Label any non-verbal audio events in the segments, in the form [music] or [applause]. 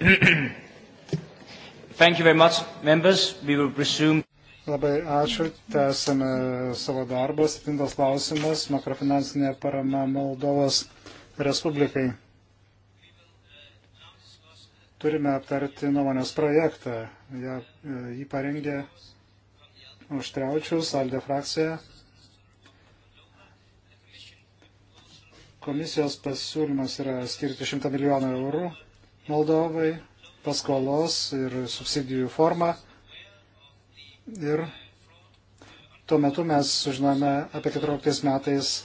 [clears throat] Thank you very much, members. We will resume. Labai ačiū. Tęsame savo darbą. Septintas klausimas. Makrofinansinė parama Moldovos Respublikai. Turime aptarti nuomonės projektą. Ja, e, jį parengė Užtreučius, Aldė frakcija. Komisijos pasiūlymas yra skirti 100 milijonų eurų Moldovai, paskolos ir subsidijų formą. Ir tuo metu mes sužinome apie 14 metais e,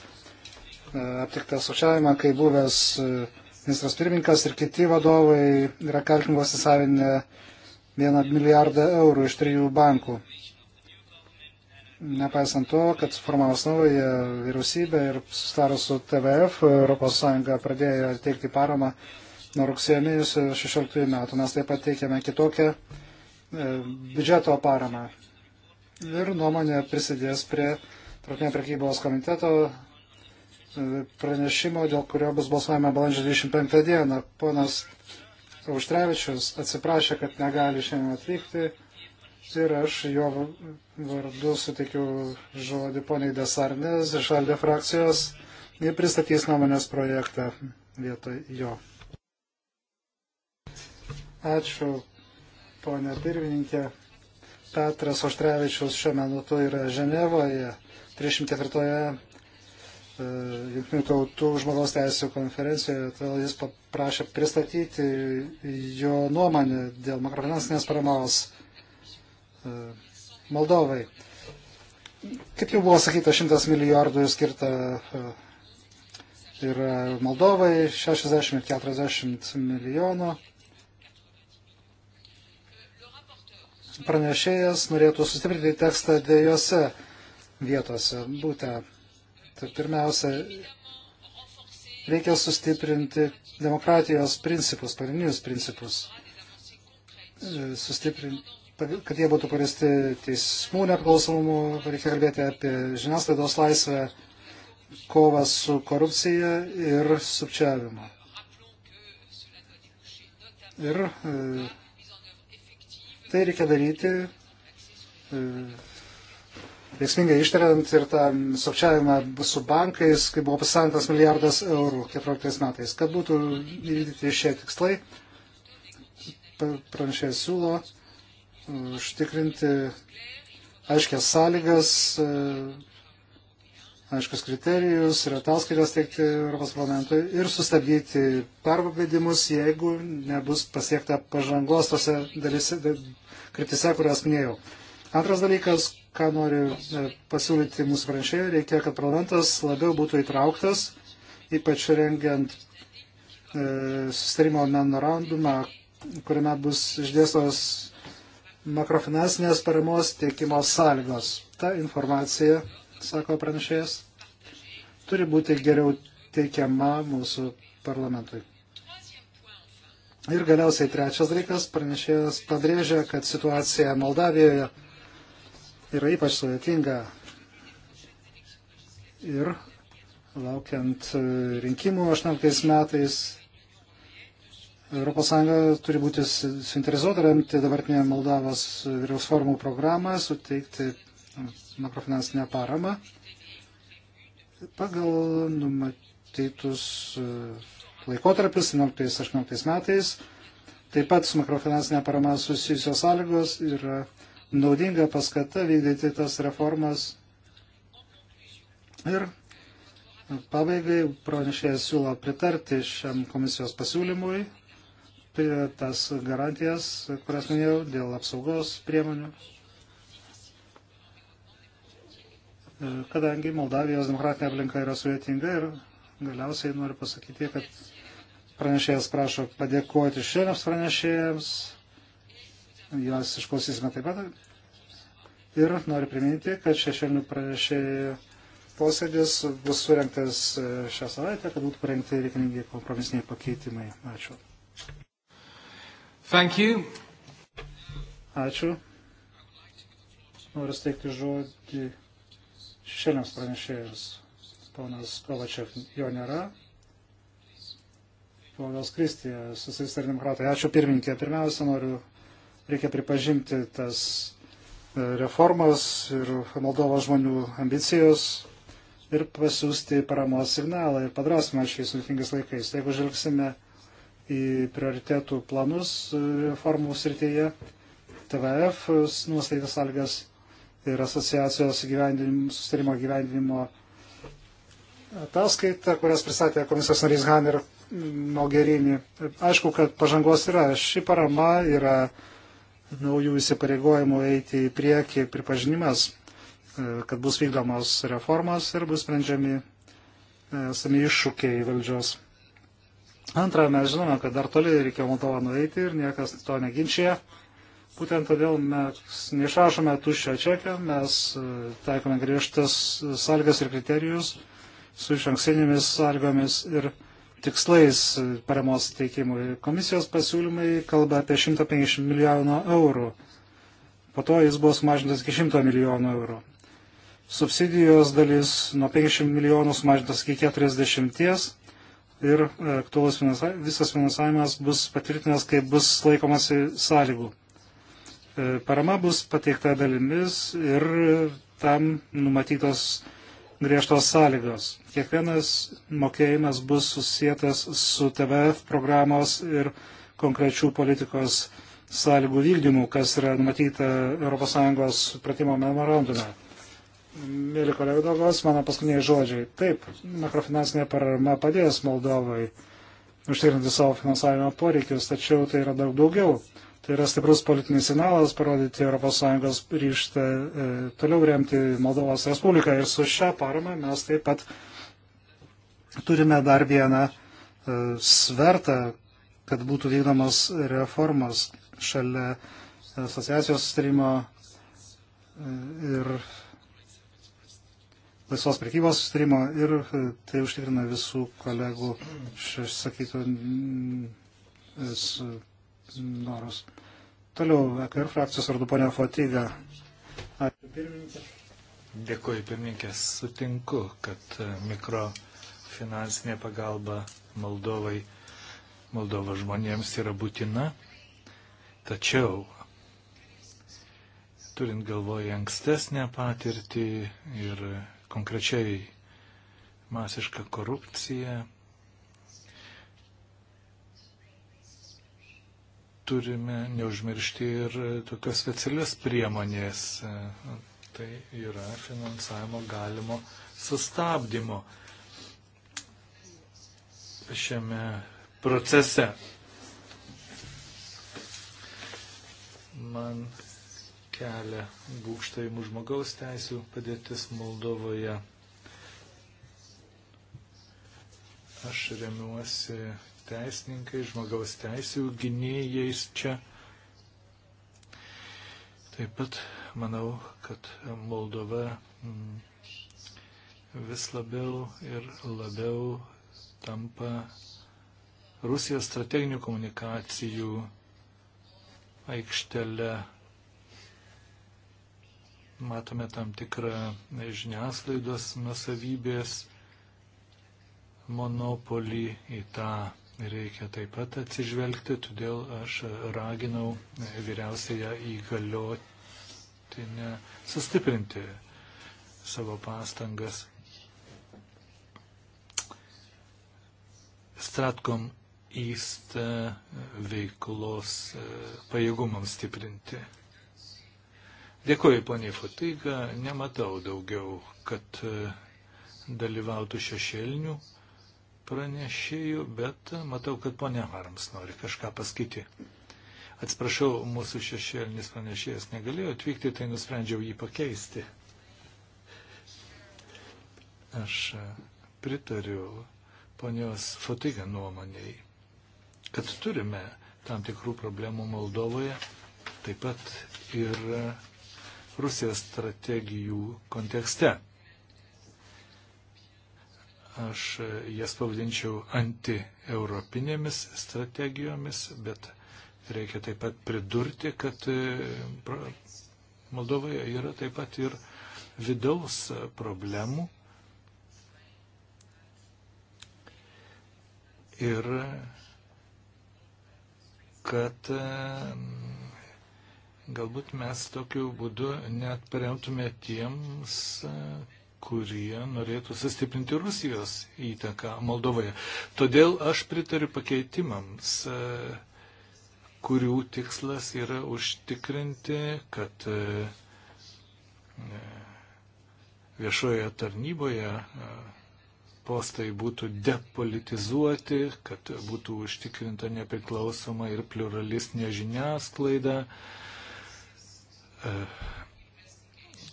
aptiktą sušiavimą, kai buvęs e, ministras pirmininkas ir kiti vadovai yra kaltinimo įsisavinę 1 milijardą eurų iš trijų bankų. Nepaisant to, kad formavus naują vyriausybę ir sustarus su TVF, ES pradėjo teikti paramą Nuo rugsėjo mėnesio 16 metų mes taip pat teikiame kitokią e, biudžeto paramą. Ir nuomonė prisidės prie Tarptautinio prekybos komiteto e, pranešimo, dėl kurio bus balsuojama balandžio 25 dieną. Ponas Auštrevičius atsiprašė, kad negali šiandien atvykti ir aš jo vardu suteikiu žodį poniai Desarnės iš Aldė frakcijos. Jie pristatys nuomonės projektą vietoj jo. Ačiū, ponė pirmininkė. Petras Oštrevičius šiuo metu yra Ženevoje, 34-oje Junktinių tautų žmogaus teisų konferencijoje, todėl jis paprašė pristatyti jo nuomonę dėl makrofinansinės paramos e, Moldovai. Kaip jau buvo sakyta, 100 milijardų skirta e, yra Moldovai, 60 ir 40 milijonų pranešėjas norėtų sustiprinti tekstą dviejose vietose. Būtent, tai pirmiausia, reikia sustiprinti demokratijos principus, pagrindinius principus, e, sustiprinti, kad jie būtų paristi teismų nepriklausomumu, reikia kalbėti apie žiniasklaidos laisvę, kovą su korupcija ir sukčiavimu. Ir e, Tai reikia daryti e, veiksmingai ištariant ir tą sukčiavimą su bankais, kai buvo pasantas milijardas eurų 14 metais. Kad būtų įvykdyti šie tikslai, pranešė siūlo e, užtikrinti aiškias sąlygas e, aiškus kriterijus ir ataskaitas teikti Europos parlamentui ir sustabdyti pervedimus, jeigu nebus pasiekta pažangos tose dalyse, kritise, kurias minėjau. Antras dalykas, ką noriu e, pasiūlyti mūsų pranešėjai, reikia, kad parlamentas labiau būtų įtrauktas, ypač rengiant e, sustarimo memorandumą, kuriame bus išdėstos makrofinansinės paramos teikimo sąlygos. Ta informacija sako pranešėjas, turi būti geriau teikiama mūsų parlamentui. Ir galiausiai trečias dalykas, pranešėjas pabrėžia, kad situacija Moldavijoje yra ypač sudėtinga. Ir laukiant rinkimų 18 metais ES turi būti suinteresuota remti dabartinę Moldavos vyriaus formų programą, suteikti makrofinansinę paramą pagal numatytus e, laikotarpius 17-18 metais. Taip pat su makrofinansinė parama susijusios sąlygos yra naudinga paskata vykdyti tas reformas. Ir pabaigai pranešėjas siūlo pritarti šiam komisijos pasiūlymui tas garantijas, kurias minėjau, dėl apsaugos priemonių kadangi Moldavijos demokratinė aplinka yra sudėtinga ir galiausiai noriu pasakyti, kad pranešėjas prašo padėkoti šiandienos pranešėjams, juos išklausysime taip pat. Ir noriu priminti, kad šešėlinių pranešėjų posėdis bus surinktas e, šią savaitę, kad būtų parengti reikalingi kompromisiniai pakeitimai. Ačiū. Thank you. Ačiū. Noriu steigti žodį šešėliams pranešėjus. Ponas Kovačev jo nėra. Ponas Kristija, socialistai ir demokratai. Ačiū pirmininkė. Pirmiausia, noriu, reikia pripažinti tas e, reformas ir Moldovos žmonių ambicijos ir pasiūsti paramos signalą ir padrasmą šiais sunkingas laikais. Jeigu žvelgsime į prioritetų planus e, reformų srityje, TVF nustatytas algas ir asociacijos gyvendinimo, sustarimo gyvendinimo ataskaita, kurias pristatė komisijos narys Han ir Mogherini. Aišku, kad pažangos yra. Ši parama yra naujų įsipareigojimų eiti į priekį pripažinimas, e, kad bus vykdomos reformos ir bus sprendžiami e, esami iššūkiai valdžios. Antra, mes žinome, kad dar toli reikia Moldovą nueiti ir niekas to neginčia. Būtent todėl mes neišrašome tuščio čekio, mes e, taikome griežtas sąlygas ir kriterijus su išankstinėmis sąlygomis ir tikslais paramos teikimui. Komisijos pasiūlymai kalba apie 150 milijonų eurų. Po to jis buvo sumažintas iki 100 milijonų eurų. Subsidijos dalis nuo 50 milijonų sumažintas iki 40 ir aktuolus finansavimas, visas finansavimas bus patvirtinęs, kai bus laikomasi sąlygų. E, parama bus pateikta dalimis ir tam numatytos griežtos sąlygos. Kiekvienas mokėjimas bus susijęs su TVF programos ir konkrečių politikos sąlygų vykdymų, kas yra numatyta ES supratimo memorandume. Mėly kolegos, mano paskutiniai žodžiai. Taip, makrofinansinė parama padės Moldovai užtikrinti savo finansavimo poreikius, tačiau tai yra daug daugiau. Tai yra stiprus politinis signalas parodyti ES ryštą e, toliau remti Moldovos Respubliką. Ir su šią paramą mes taip pat turime dar vieną e, svertą, kad būtų vykdomos reformos šalia asociacijos sustarimo e, ir laisvos prekybos sustarimo ir e, tai užtikrina visų kolegų, aš sakytų, norus. Toliau, EKR frakcijos vardu ponia Fotyga. Ačiū pirmininkė. Dėkuoju pirmininkė, sutinku, kad e, mikrofinansinė pagalba Moldovai, Moldovo žmonėms yra būtina, tačiau turint galvoje ankstesnę patirtį ir konkrečiai masišką korupciją, turime neužmiršti ir tokios specialios priemonės, tai yra finansavimo galimo sustabdymo šiame procese. Man kelia būkštaimų žmogaus teisų padėtis Moldovoje. Aš remiuosi teisininkai, žmogaus teisų gynėjais čia. Taip pat manau, kad Moldova mm, vis labiau ir labiau tampa Rusijos strateginių komunikacijų aikštelė. Matome tam tikrą žiniasklaidos nusavybės monopolį į tą reikia taip pat atsižvelgti, todėl aš raginau vyriausiąją įgaliotinę sustiprinti savo pastangas. Stratkom East veiklos pajėgumams stiprinti. Dėkuoju, ponė Fatiga, nematau daugiau, kad dalyvautų šešėlinių pranešėjų, bet matau, kad ponia Harms nori kažką pasakyti. Atsiprašau, mūsų šešėlinis pranešėjas negalėjo atvykti, tai nusprendžiau jį pakeisti. Aš e, pritariu ponios Fotiga nuomonėjai, kad turime tam tikrų problemų Moldovoje, taip pat ir Rusijos strategijų kontekste. Aš e, jas pavadinčiau antieuropinėmis strategijomis, bet reikia taip pat pridurti, kad e, Moldovoje yra taip pat ir vidaus problemų. Ir kad e, galbūt mes tokiu būdu net paremtume tiems, kurie norėtų sustiprinti Rusijos įtaką Moldovoje. Todėl aš pritariu pakeitimams, e, kurių tikslas yra užtikrinti, kad e, e, viešoje tarnyboje postai būtų depolitizuoti, kad būtų užtikrinta nepriklausoma ir pluralistinė žiniasklaida. Uh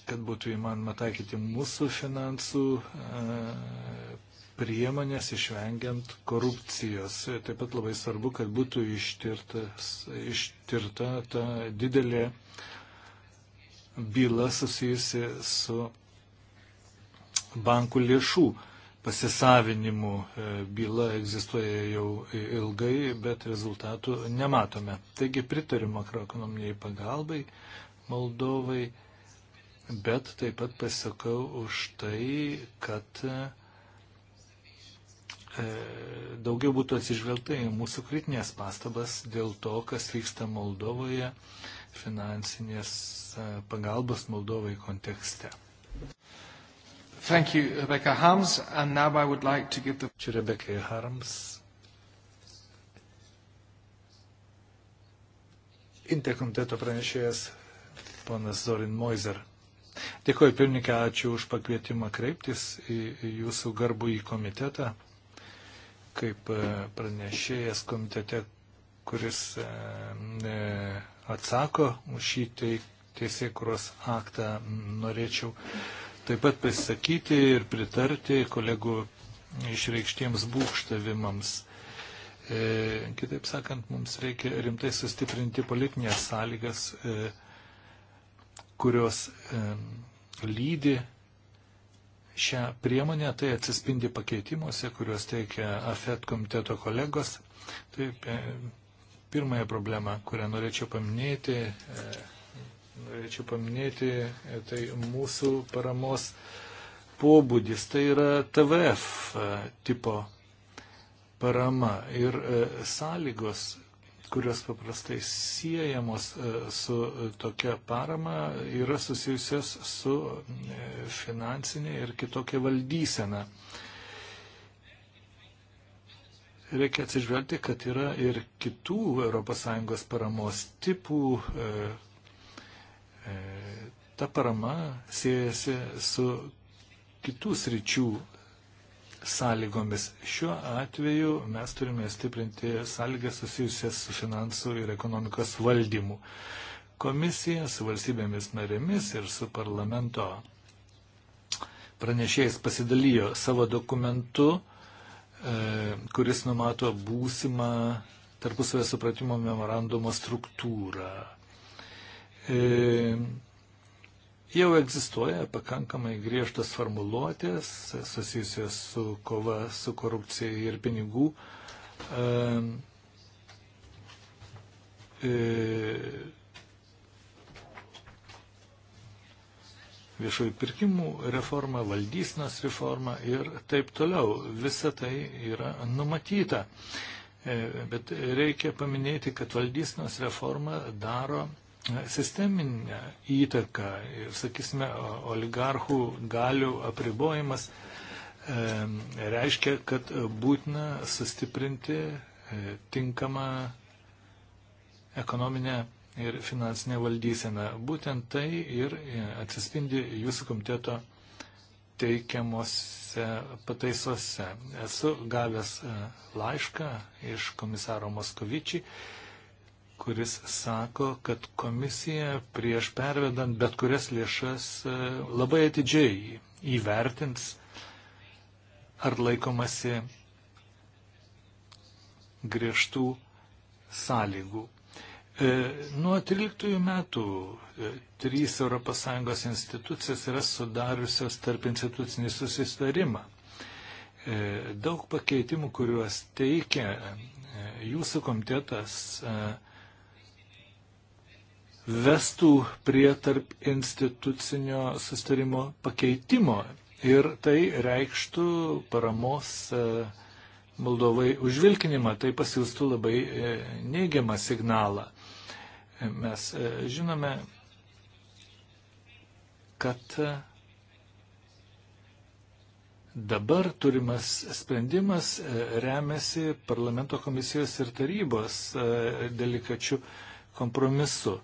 kad būtų įmanoma taikyti mūsų finansų e, priemonės išvengiant korupcijos. Taip pat labai svarbu, kad būtų ištirta ta didelė byla susijusi su bankų lėšų pasisavinimu. E, byla egzistuoja jau ilgai, bet rezultatų nematome. Taigi pritariu makroekonominiai pagalbai Moldovai bet taip pat pasakau už tai, kad e, daugiau būtų atsižvelgta į mūsų kritinės pastabas dėl to, kas vyksta Moldovoje finansinės e, pagalbos Moldovai kontekste. Thank you, Rebecca Harms. And now I would like to give the... Ačiū, Rebecca Harms. Interkomiteto pranešėjas ponas Zorin Moiser. Dėkuoju pirmininkė, ačiū už pakvietimą kreiptis į jūsų garbų į komitetą, kaip e, pranešėjas komitete, kuris e, e, atsako už šį teisėkuros aktą, norėčiau taip pat pasisakyti ir pritarti kolegų išreikštiems būkštavimams. E, kitaip sakant, mums reikia rimtai sustiprinti politinės sąlygas e, kurios lydi šią priemonę, tai atsispindi pakeitimuose, kuriuos teikia AFET komiteto kolegos. Taip, pirmąją problemą, kurią norėčiau paminėti, e, norėčiau paminėti, e, tai mūsų paramos pobūdis, tai yra TVF e, tipo parama ir sąlygos kurios paprastai siejamos e, su e, tokia parama, yra susijusios su e, finansinė ir kitokia valdysena. Reikia atsižvelgti, kad yra ir kitų ES paramos tipų. Ta parama siejasi su kitų sričių sąlygomis. Šiuo atveju mes turime stiprinti sąlygas susijusias su finansų ir ekonomikos valdymu. Komisija su valstybėmis narėmis ir su parlamento pranešėjais pasidalijo savo dokumentu, e, kuris numato būsimą tarpusavę supratimo memorandumo struktūrą e, Jau egzistuoja pakankamai griežtas formuluotės susijusios su kova su korupcija ir pinigų e, viešųjų pirkimų reforma, valdysnos reforma ir taip toliau. Visa tai yra numatyta. E, bet reikia paminėti, kad valdysnos reforma daro sisteminę įtaką ir, sakysime, oligarchų galių apribojimas reiškia, kad būtina sustiprinti e, tinkamą ekonominę ir finansinę valdyseną. Būtent tai ir e, atsispindi jūsų komiteto teikiamuose pataisuose. Esu gavęs e, laišką iš komisaro Moskovičiai kuris sako, kad komisija prieš pervedant bet kurias lėšas e, labai atidžiai įvertins, ar laikomasi griežtų sąlygų. E, nuo 13 metų e, trys ES institucijas yra sudariusios tarp institucinį susitarimą. Daug pakeitimų, kuriuos teikia jūsų komitetas, vestų prie tarp institucinio sustarimo pakeitimo ir tai reikštų paramos e, Moldovai užvilkinimą, tai pasiūstų labai e, neigiamą signalą. E, mes žinome, kad dabar turimas sprendimas remiasi parlamento komisijos ir tarybos delikačių kompromisu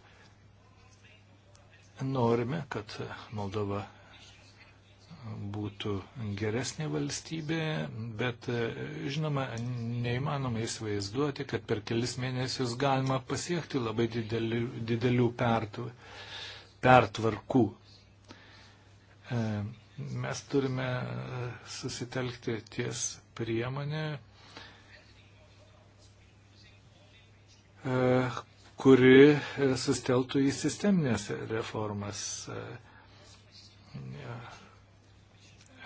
norime, kad Moldova būtų geresnė valstybė, bet žinoma, neįmanoma įsivaizduoti, kad per kelis mėnesius galima pasiekti labai didelių, didelių pertvarkų. E, mes turime susitelkti ties priemonė, e, kuri e, susteltų į sisteminės reformas. E,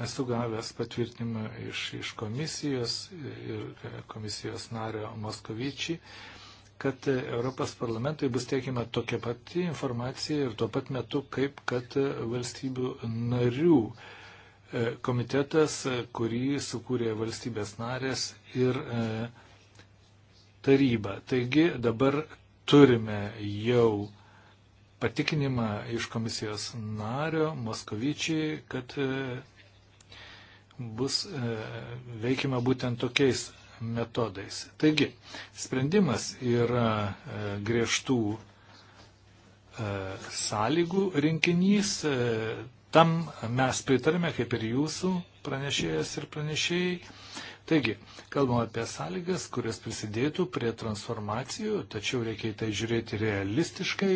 esu gavęs patvirtinimą iš, iš komisijos ir e, komisijos nario Moskovičiai, kad Europos parlamentui bus teikiama tokia pati informacija ir tuo pat metu, kaip kad valstybių narių komitetas, kurį sukūrė valstybės narės ir taryba. Taigi dabar turime jau patikinimą iš komisijos nario Moskovičiai, kad e, bus e, veikima būtent tokiais metodais. Taigi, sprendimas yra e, griežtų sąlygų rinkinys. Tam mes pritarime, kaip ir jūsų pranešėjas ir pranešėjai. Taigi, kalbam apie sąlygas, kurias prisidėtų prie transformacijų, tačiau reikia į tai žiūrėti realistiškai,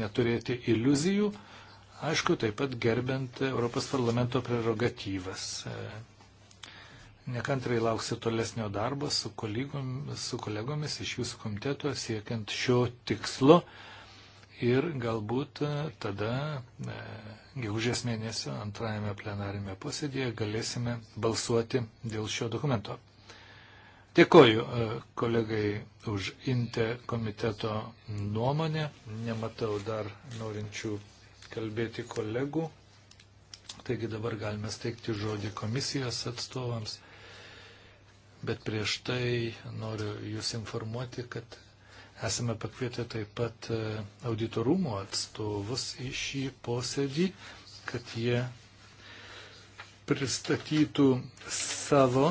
neturėti iliuzijų, aišku, taip pat gerbent Europos parlamento prerogatyvas. Nekantrai lauksiu tolesnio darbo su, kolegom, su kolegomis iš jūsų komiteto siekiant šio tikslo ir galbūt e, tada e, gegužės mėnesio antrajame plenarime posėdėje galėsime balsuoti dėl šio dokumento. Dėkoju e, kolegai už INTE komiteto nuomonę. Nematau dar norinčių kalbėti kolegų. Taigi dabar galime steigti žodį komisijos atstovams. Bet prieš tai noriu Jūs informuoti, kad Esame pakvietę taip pat e, auditorumo atstovus į šį posėdį, kad jie pristatytų savo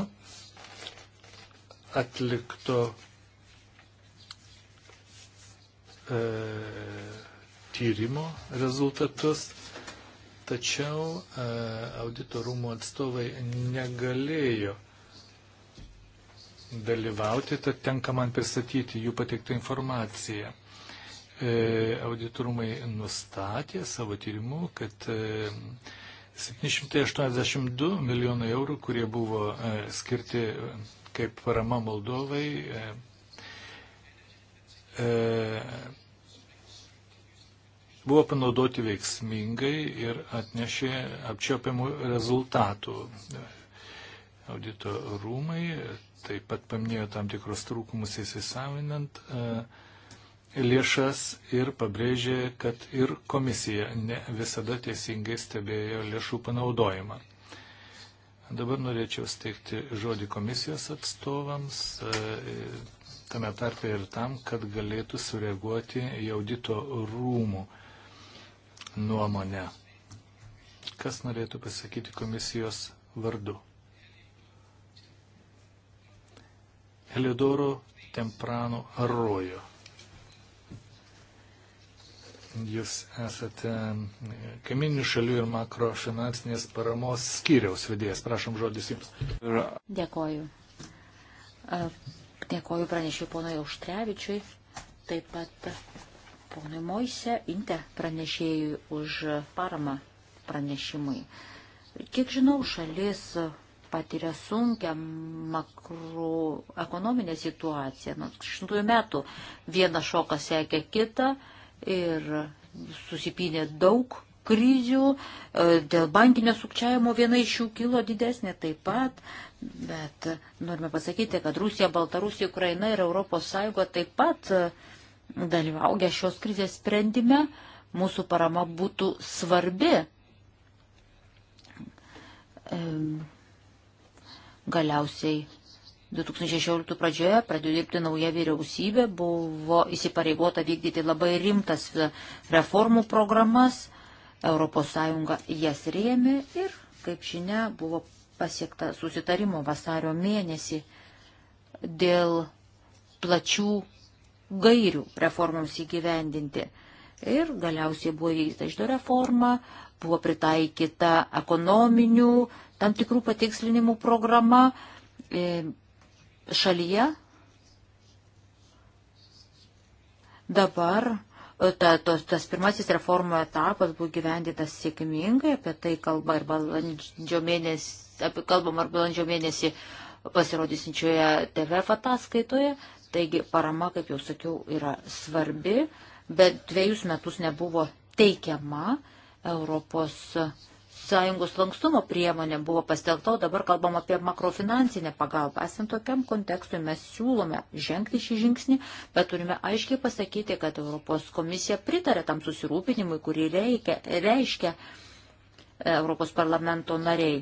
atlikto e, tyrimo rezultatus, tačiau e, auditorumo atstovai negalėjo dalyvauti, tad tenka man pristatyti jų pateiktą informaciją. E, auditorumai nustatė savo tyrimu, kad 782 e, milijonai eurų, kurie buvo e, skirti kaip parama Moldovai, buvo panaudoti veiksmingai ir atnešė apčiopiamų rezultatų. Audito rūmai taip pat paminėjo tam tikrus trūkumus įsisavinant e, lėšas ir pabrėžė, kad ir komisija ne visada teisingai stebėjo lėšų panaudojimą. Dabar norėčiau steigti žodį komisijos atstovams, e, tame tarpe ir tam, kad galėtų sureaguoti į audito rūmų nuomonę. Kas norėtų pasakyti komisijos vardu? Elidoro Temprano Arrojo. Jūs esate kaiminių šalių ir makrofinansinės paramos skyriaus vedėjas. Prašom žodis Jums. Dėkoju. Dėkoju pranešiui ponui Auštrevičiui, taip pat ponui Moise Inte pranešėjui už paramą pranešimui. Kiek žinau, šalis patiria sunkia makroekonominė situacija. Nuo 2000 metų vienas šokas sekė kitą ir susipinė daug krizių, e, dėl bankinio sukčiavimo viena iš jų kilo didesnė taip pat, bet norime pasakyti, kad Rusija, Baltarusija, Ukraina ir ES taip pat e, dalyvauja šios krizės sprendime, mūsų parama būtų svarbi. Galiausiai 2016 pradžioje pradėjo dirbti nauja vyriausybė, buvo įsipareigota vykdyti labai rimtas reformų programas, ES jas rėmė ir, kaip žinia, buvo pasiekta susitarimo vasario mėnesį dėl plačių gairių reformoms įgyvendinti. Ir galiausiai buvo įvykdyta išdo reforma, buvo pritaikyta ekonominių tam tikrų patikslinimų programa e, šalyje. Dabar e, ta, tos, tas pirmasis reformų etapas buvo gyvendytas sėkmingai, apie tai kalba ir balandžio mėnesį, apie kalbam ar balandžio mėnesį pasirodysinčioje TVF ataskaitoje. Taigi parama, kaip jau sakiau, yra svarbi. E, bet dviejus metus nebuvo teikiama Europos sąjungos lankstumo priemonė buvo pastelta, o dabar kalbam apie makrofinansinę pagalbą. Esant tokiam kontekstui mes siūlome žengti šį žingsnį, bet turime aiškiai pasakyti, kad Europos komisija pritarė tam susirūpinimui, kurį reikia, reiškia e, Europos parlamento nariai.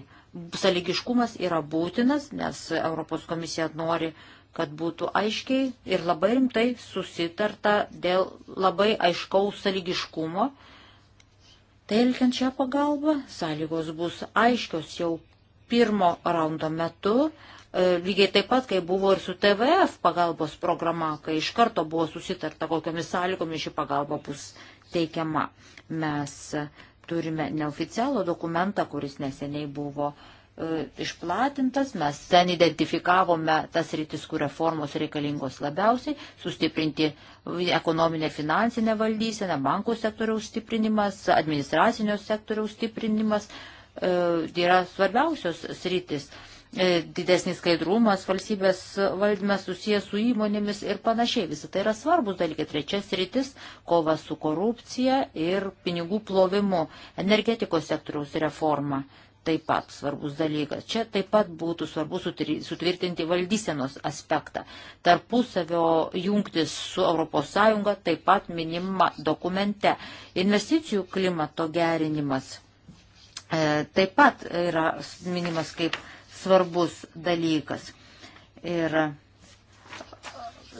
Saligiškumas yra būtinas, nes Europos komisija nori uh, kad būtų aiškiai ir labai rimtai susitarta dėl labai aiškaus sąlygiškumo. Telkiant tai šią pagalbą, sąlygos bus aiškios jau pirmo raundo metu, e, lygiai taip pat, kai buvo ir su TVF pagalbos programa, kai iš karto buvo susitarta, kokiamis sąlygomis ši pagalba bus teikiama. Mes turime neoficialų dokumentą, kuris neseniai buvo E, išplatintas, mes ten identifikavome tas rytis, kur reformos reikalingos labiausiai, sustiprinti ekonominę finansinę valdyseną, bankų sektoriaus stiprinimas, administracinio sektoriaus stiprinimas e, yra svarbiausios sritis. E, didesnis skaidrumas, valstybės valdymas susijęs su įmonėmis ir panašiai. Visą tai yra svarbus dalykai. Trečias rytis - kova su korupcija ir pinigų plovimu, energetikos sektoriaus reforma. E, taip pat svarbus dalykas. Čia taip pat būtų svarbu sutvirtinti valdysenos aspektą. Tarpusavio jungtis su ES taip pat minima dokumente. Investicijų klimato gerinimas e, taip pat yra minimas kaip svarbus dalykas. Ir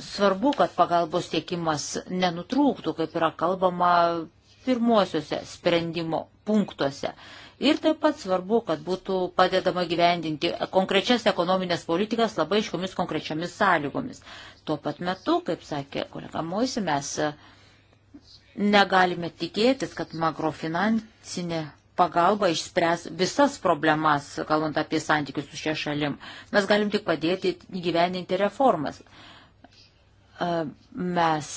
svarbu, kad pagalbos tiekimas nenutrūktų, kaip yra kalbama pirmuosiuose sprendimo punktuose. E, Ir taip pat svarbu, kad būtų padedama gyvendinti konkrečias ekonominės politikas labai iškomis konkrečiamis sąlygomis. Tuo pat metu, kaip sakė kolega Moisi, mes e, negalime tikėtis, kad makrofinansinė pagalba išspręs visas problemas, kalbant apie santykius su šia šalim. Mes galim tik padėti gyveninti reformas. E, mes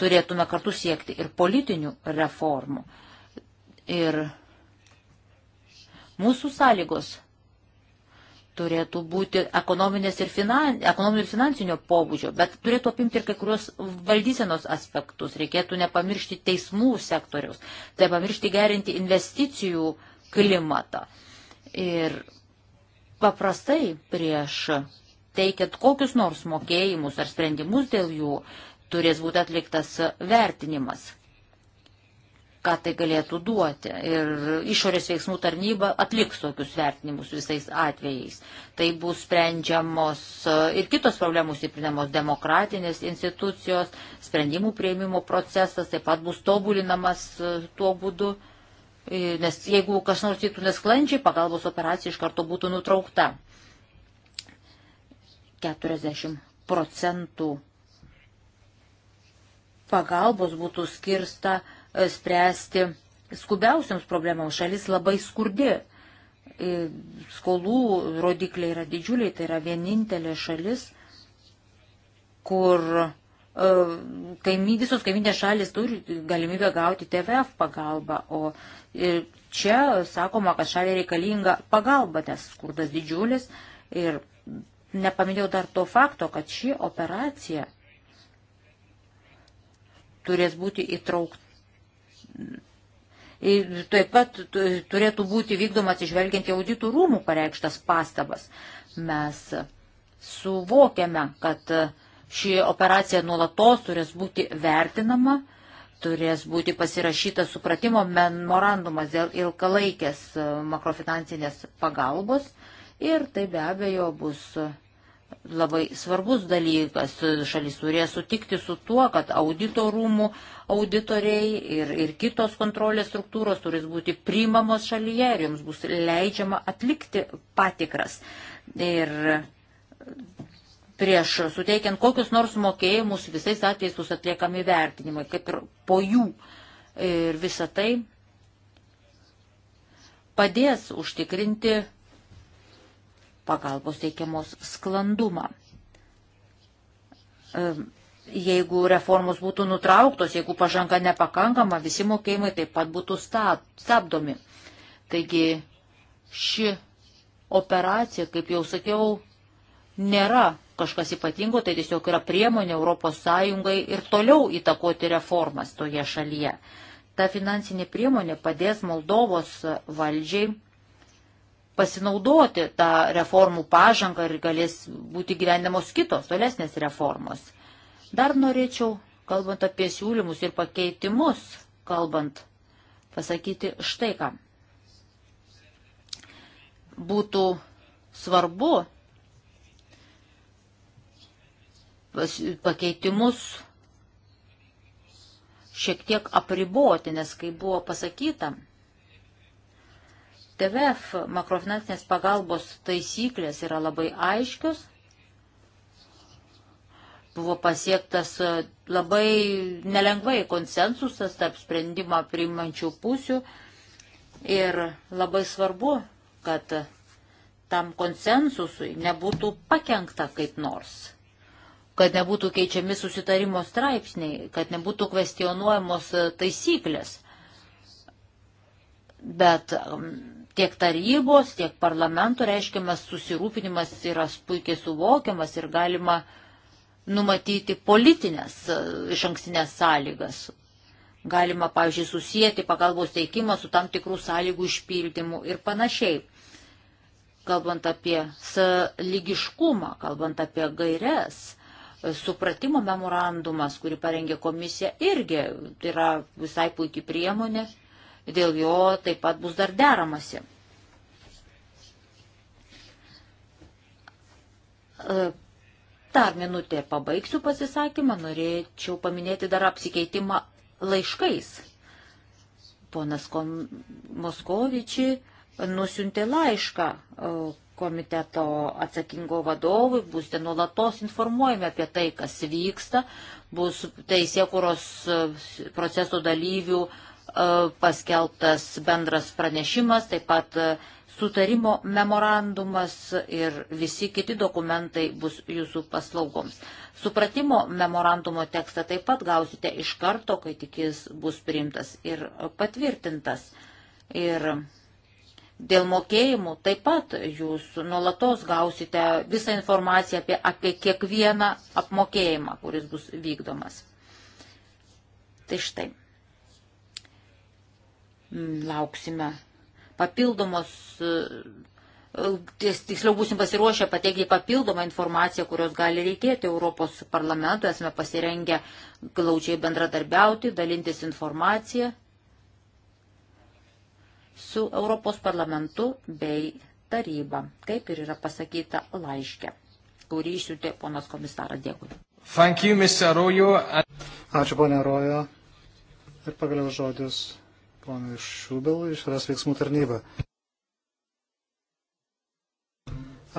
turėtume kartu siekti ir politinių reformų. Ir Mūsų sąlygos turėtų būti ekonominės ir, finan, ekonominio ir finansinio pobūdžio, bet turėtų apimti ir kai kurios valdysenos aspektus. Reikėtų nepamiršti teismų sektoriaus, tai pamiršti gerinti investicijų klimatą. Ir paprastai prieš teikiant kokius nors mokėjimus ar sprendimus dėl jų turės būti atliktas vertinimas ką tai galėtų duoti. Ir išorės veiksmų tarnyba atliks tokius vertinimus visais atvejais. Tai bus sprendžiamos e, ir kitos problemos stiprinamos demokratinės institucijos, sprendimų prieimimo procesas taip pat bus tobulinamas e, tuo būdu, e, nes jeigu kas nors vyktų nesklandžiai, pagalbos operacija iš karto būtų nutraukta. 40 procentų pagalbos būtų skirsta uh, spręsti skubiausiams problemams. Šalis labai skurdi. E, skolų rodikliai yra didžiuliai, tai yra vienintelė šalis, kur e, kaimy, visos kaiminės šalis turi galimybę gauti TVF pagalbą, o e, čia sakoma, kad šaliai reikalinga pagalba, nes skurdas didžiulis ir nepaminėjau dar to fakto, kad ši operacija turės būti įtraukta Ir taip pat turėtų būti vykdoma atsižvelgiant į auditų rūmų pareikštas pastabas. Mes suvokiame, kad ši operacija nuolatos turės būti vertinama, turės būti pasirašyta supratimo memorandumas dėl ilgalaikės makrofinansinės pagalbos ir tai be abejo bus labai svarbus dalykas. Šalis turėjo sutikti su tuo, kad audito rūmų auditoriai ir, ir kitos kontrolės struktūros turės būti priimamos šalyje ir jums bus leidžiama atlikti patikras. Ir prieš suteikiant kokius nors mokėjimus visais atvejais bus atliekami vertinimai, kaip ir po jų. Ir visa tai padės užtikrinti pagalbos teikiamos sklandumą. Jeigu reformos būtų nutrauktos, jeigu pažanga nepakankama, visi mokėjimai taip pat būtų stabdomi. Taigi ši operacija, kaip jau sakiau, nėra kažkas ypatingo, tai tiesiog yra priemonė Europos Sąjungai ir toliau įtakoti reformas toje šalyje. Ta finansinė priemonė padės Moldovos valdžiai pasinaudoti tą reformų pažangą ir galės būti gyvenimos kitos, tolesnės reformos. Dar norėčiau, kalbant apie siūlymus ir pakeitimus, kalbant, pasakyti štai ką. Būtų svarbu pakeitimus šiek tiek apriboti, nes kai buvo pasakyta, TVF makrofinansinės pagalbos taisyklės yra labai aiškios. Buvo pasiektas e, labai nelengvai konsensusas tarp sprendimą priimančių pusių ir labai svarbu, kad tam konsensusui nebūtų pakengta kaip nors, kad nebūtų keičiami susitarimo straipsniai, kad nebūtų kvestionuojamos e, taisyklės. Bet tiek tarybos, tiek parlamento reiškiamas susirūpinimas yra puikiai suvokiamas ir galima numatyti politinės e, iš ankstinės sąlygas. Galima, pavyzdžiui, susijęti pagalbos teikimą su tam tikrų sąlygų išpildymu ir panašiai. Kalbant apie lygiškumą, kalbant apie gairias, e, supratimo memorandumas, kurį parengė komisija, irgi yra visai puikiai priemonė dėl jo taip pat bus dar deramasi. E, dar minutė pabaigsiu pasisakymą, norėčiau paminėti dar apsikeitimą laiškais. Ponas Moskovičiai nusintė laišką e, komiteto atsakingo vadovui, būsite nuolatos informuojami apie tai, kas vyksta, bus teisėkuros e, proceso dalyvių E, paskelbtas bendras pranešimas, taip pat e, sutarimo memorandumas ir visi kiti dokumentai bus jūsų paslaugoms. Supratimo memorandumo tekstą taip pat gausite iš karto, kai tik jis bus priimtas ir patvirtintas. Ir dėl mokėjimų taip pat jūs nuolatos gausite visą informaciją apie, apie kiekvieną apmokėjimą, kuris bus vykdomas. Tai štai. Mm, lauksime papildomos, e, tiksliau būsim pasiruošę pateikti papildomą informaciją, kurios gali reikėti Europos parlamentui. Esame pasirengę glaučiai bendradarbiauti, dalintis informaciją su Europos parlamentu bei taryba, kaip ir yra pasakyta laiške, kurį išsiuntė ponas komisaras. Dėkui. Thank you, Mr. Arroyo. Ačiū, ponė Arrojo. Ir pagaliau žodis ponui Šubelui iš Ras veiksmų tarnybą.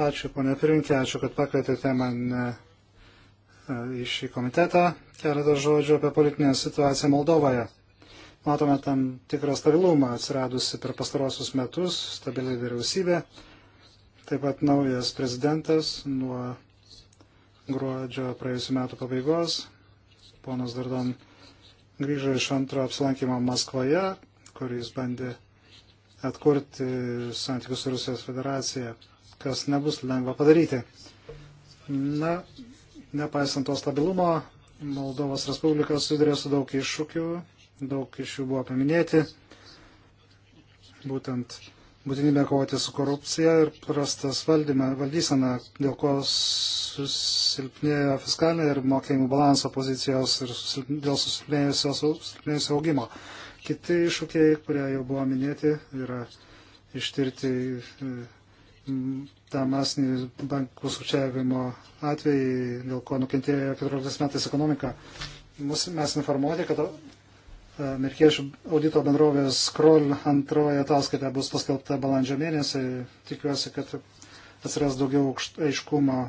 Ačiū, ponė Pirinkė, ačiū, kad pakvietėte mane e, į šį komitetą. Keletą žodžių apie politinę situaciją Moldovoje. Matome tam tikrą stabilumą atsiradusi per pastarosius metus, stabili vyriausybė, taip pat naujas prezidentas nuo gruodžio praėjusiu metu pabaigos. Ponas Dardan grįžo iš antro apsilankimo Maskvoje, kuris bandė atkurti santykius su Rusijos federacija, kas nebus lengva padaryti. Na, nepaisant to stabilumo, Moldovos Respublika susidurė su daug iššūkių, daug iš jų buvo paminėti, būtent būtinybė kovoti su korupcija ir prastas valdyme, valdysena, dėl ko susilpnėjo fiskalinė ir mokėjimų balanso pozicijos ir susilp, dėl susilpnėjusio augimo. Kiti iššūkiai, kurie jau buvo minėti, yra ištirti e, tą masinį bankų sučiavimo atvejį, dėl ko nukentėjo 14 metais ekonomika. Mus, mes informuoti, kad e, amerikiečių audito bendrovės Kroll antroje ataskaita bus paskelbta balandžio mėnesį. Tikiuosi, kad atsiras daugiau aiškumo.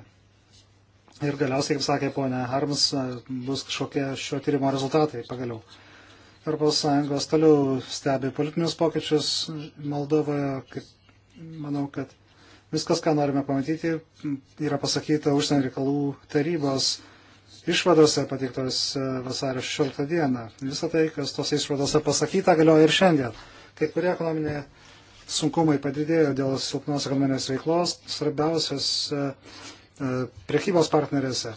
Ir galiausiai, kaip sakė ponia Harms, e, bus kažkokie šio tyrimo rezultatai pagaliau. ES toliau stebi politinius pokyčius Moldovoje. Kaip, manau, kad viskas, ką norime pamatyti, yra pasakyta užsienio reikalų tarybos išvadose pateiktos e, vasario 16 dieną. Visą tai, kas tos išvadose pasakyta, galioja ir šiandien. Kai kurie ekonominiai sunkumai padidėjo dėl silpnos ekonominės veiklos svarbiausios e, e, prekybos partnerėse.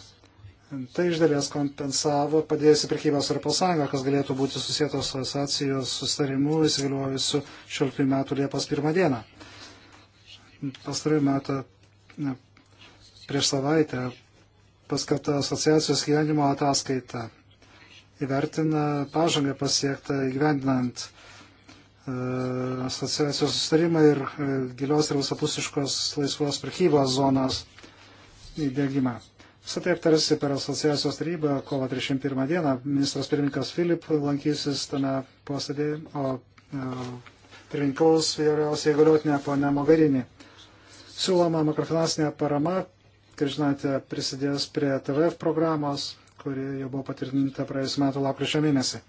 Tai iš dalies kompensavo padėjusi prekybos Europos Sąjunga, kas galėtų būti susijęto su asociacijos sustarimu įsigaliojusiu 16 metų Liepos 1 dieną. Pastarųjų metų ne, prieš savaitę paskata asociacijos gyvenimo ataskaita įvertina pažangą pasiektą įgyvendinant e, asociacijos sustarimą ir e, gilios ir visapusiškos laisvos prekybos zonos įdėgymą. Visą tai aptarsi per asociacijos tarybą kovo 31 dieną. Ministras pirmininkas Filip lankysis tame posėdėje, o e, pirmininkaus vyriausiai galiotinė ponė Mogherini. Siūloma makrofinansinė parama, kaip žinote, prisidės prie TVF programos, kuri jau buvo patvirtinta praėjusiu metu lapkričio mėnesį.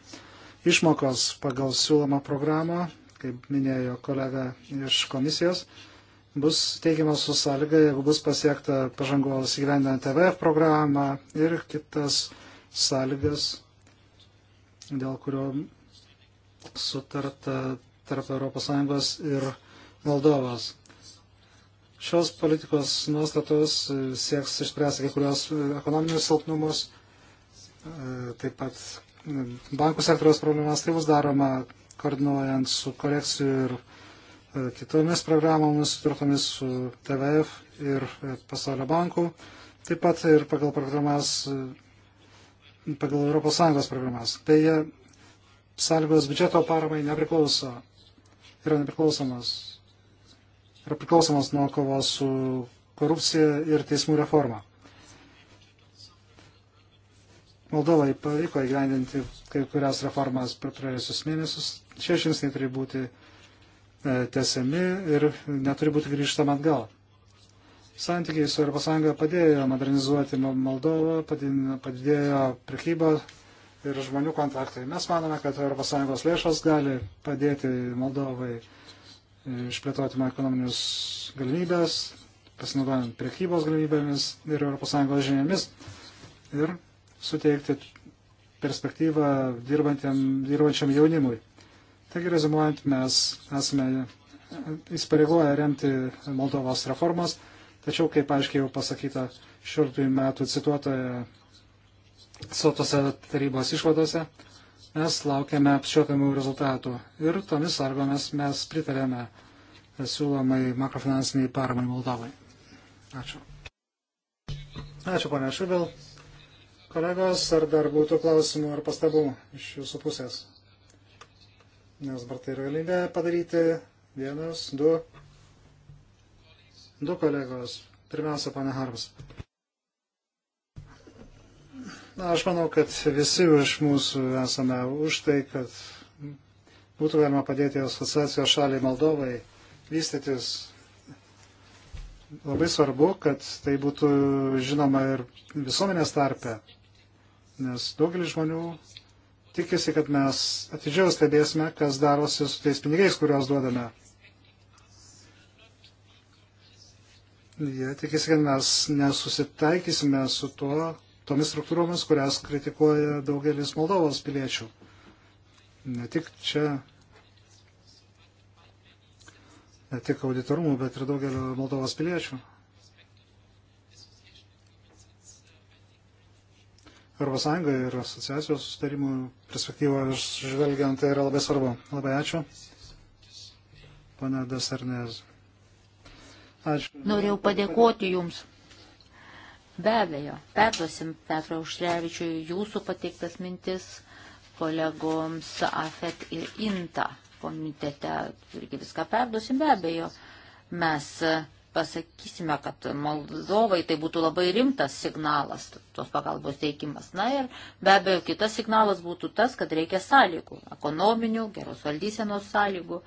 Išmokos pagal siūlomą programą, kaip minėjo kolega iš komisijos, bus teikiamas su sąlyga, jeigu bus pasiekta pažangos įgyvendinant TVF e programą ir kitas sąlygas, dėl kurio sutarta tarp ES ir Moldovos. Šios politikos nuostatos sieks išspręsti kai kurios ekonominius silpnumus, taip pat bankų sektoriaus problemas, tai bus daroma koordinuojant su korekcijų ir E, kitomis programomis sutartomis su TVF ir e, Pasaulio banku, taip pat ir pagal programas, e, pagal ES programas. Beje, sąlygos biudžeto paramai nepriklauso, yra nepriklausomas, yra priklausomas nuo kovos su korupcija ir teismų reforma. Moldovai pavyko įgyvendinti kai kurias reformas per praėjusius mėnesius. Šie žingsniai turi būti E, tesami ir neturi būti grįžtama atgal. Santykiai su ES padėjo modernizuoti Moldovą, padidėjo prekyba ir žmonių kontaktai. Mes manome, kad ES lėšos gali padėti Moldovai e, išplėtoti ekonominius galimybės, pasinaudojant prekybos galimybėmis ir ES žiniomis ir suteikti perspektyvą dirbančiam jaunimui. Taigi, rezumuojant, mes esame įsipareigoję remti Moldovos reformas, tačiau, kaip aiškiai jau pasakyta, 16 metų cituotoje sotose tarybos išvadose, mes laukiame apčiopiamų rezultatų ir tomis sargomis mes pritarėme siūlomai makrofinansiniai paramai Moldovai. Ačiū. Ačiū, ponia Šubil. Kolegos, ar dar būtų klausimų ar pastabų iš jūsų pusės? nes dabar tai yra galimybė padaryti vienas, du, du kolegos. Pirmiausia, pane Harms. Na, aš manau, kad visi iš mūsų esame už tai, kad būtų galima padėti asociacijos šaliai Moldovai vystytis. Labai svarbu, kad tai būtų žinoma ir visuomenės tarpe, nes daugelis žmonių tikisi, kad mes atidžiau stebėsime, kas darosi su tais pinigais, kuriuos duodame. Jie ja, tikisi, kad mes nesusitaikysime su tuo, tomis struktūromis, kurias kritikuoja daugelis Moldovos piliečių. Ne tik čia, ne tik auditorumų, bet ir daugelio Moldovos piliečių. ES ir asociacijos sustarimų perspektyvą žvelgiant, tai yra labai svarbu. Labai ačiū. Pane Desarnės. Ačiū. Norėjau padėkoti Jums. Be abejo, perduosim Petro Užrevičiui Jūsų pateiktas mintis kolegoms AFET ir INTA komitete irgi viską perduosim be abejo. Mes pasakysime, kad Moldovai tai būtų labai rimtas signalas, tos pagalbos teikimas. Na ir be abejo, kitas signalas būtų tas, kad reikia sąlygų, ekonominių, geros valdysenos sąlygų.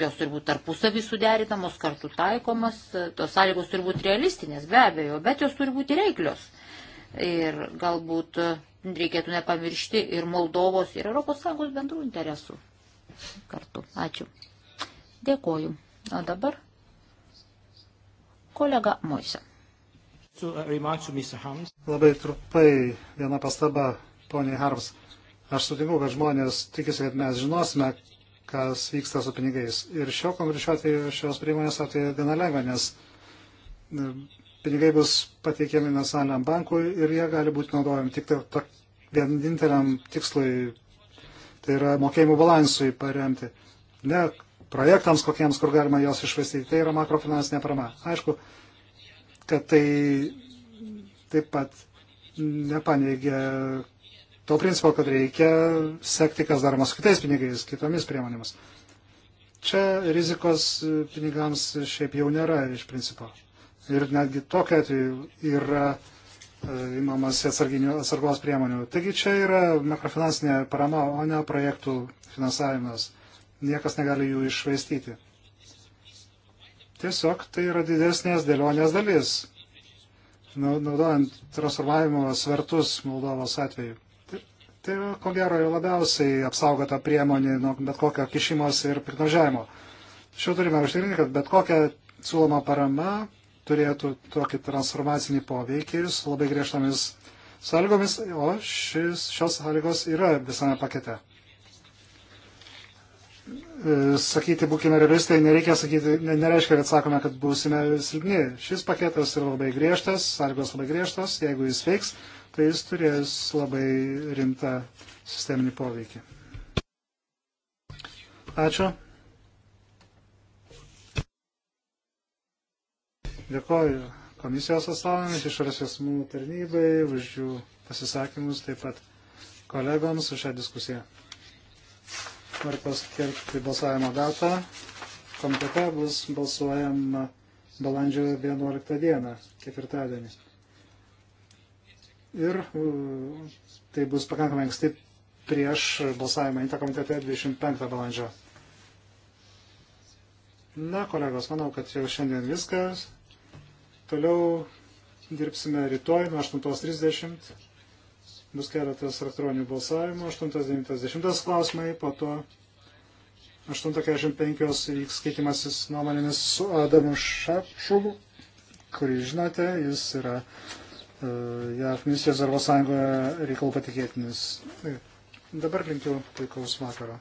Jos turi būti tarpusavį suderinamos, kartu taikomas, tos sąlygos turi būti realistinės, be abejo, bet jos turi būti reiklios. Ir galbūt reikėtų nepamiršti ir Moldovos, ir ES bendrų interesų kartu. Ačiū. Dėkoju. O dabar kolega Moise. Uh, Labai trupai viena pastaba, poniai Harms. Aš sutinku, kad žmonės tikisi, kad mes žinosime, kas vyksta su pinigais. Ir šio konkrečio atveju šios priemonės atveju gana lengva, nes e, pinigai bus pateikiami nacionaliniam bankui ir jie gali būti naudojami tik to, vieninteliam tikslui, tai yra mokėjimų balansui paremti. Ne projektams kokiems, kur galima jos išvaistyti. Tai yra makrofinansinė parama. Aišku, kad tai taip pat nepaneigia to principo, kad reikia sekti, kas daroma su kitais pinigais, kitomis priemonėmis. Čia rizikos pinigams šiaip jau nėra iš principo. Ir netgi tokia atveju yra įmamas e, atsargos priemonių. Taigi čia yra makrofinansinė parama, o ne projektų finansavimas niekas negali jų išvaistyti. Tiesiog tai yra didesnės dėlionės dalis, naudojant transformavimo svertus Moldovos atveju. Tai, tai ko gero, jau labiausiai apsaugota priemonė nuo bet kokio kišimos ir piknožiavimo. Tačiau turime užtikrinti, kad bet kokia siūloma parama turėtų tokį transformacinį poveikį su labai griežtomis sąlygomis, o šis, šios sąlygos yra visame pakete. E, sakyti būkime realistai, nereikia sakyti, nereiškia, kad sakome, kad būsime silpni. Šis paketas yra labai griežtas, sąlygos labai griežtos, jeigu jis veiks, tai jis turės labai rimtą sisteminį poveikį. Ačiū. Dėkoju komisijos atstovams, išorės esmų tarnybai, už jų pasisakymus, taip pat kolegoms už šią diskusiją. Noriu paskirti balsavimo datą. Komitete bus balsuojama balandžio 11 dieną, ketvirtadienį. Ir uh, tai bus pakankamai anksti prieš balsavimą į tą komitetą 25 balandžio. Na, kolegos, manau, kad jau šiandien viskas. Toliau dirbsime rytoj nuo 8.30 bus keletas elektroninių balsavimų, 8.90 klausimai, po to 8.45 vyks skaitimasis nuomonėmis su Adamu Šapšuvu, kurį žinote, jis yra uh, e, JAF ministrijos Arvos Sąjungoje reikalų patikėtinis. E, dabar linkiu puikaus vakaro.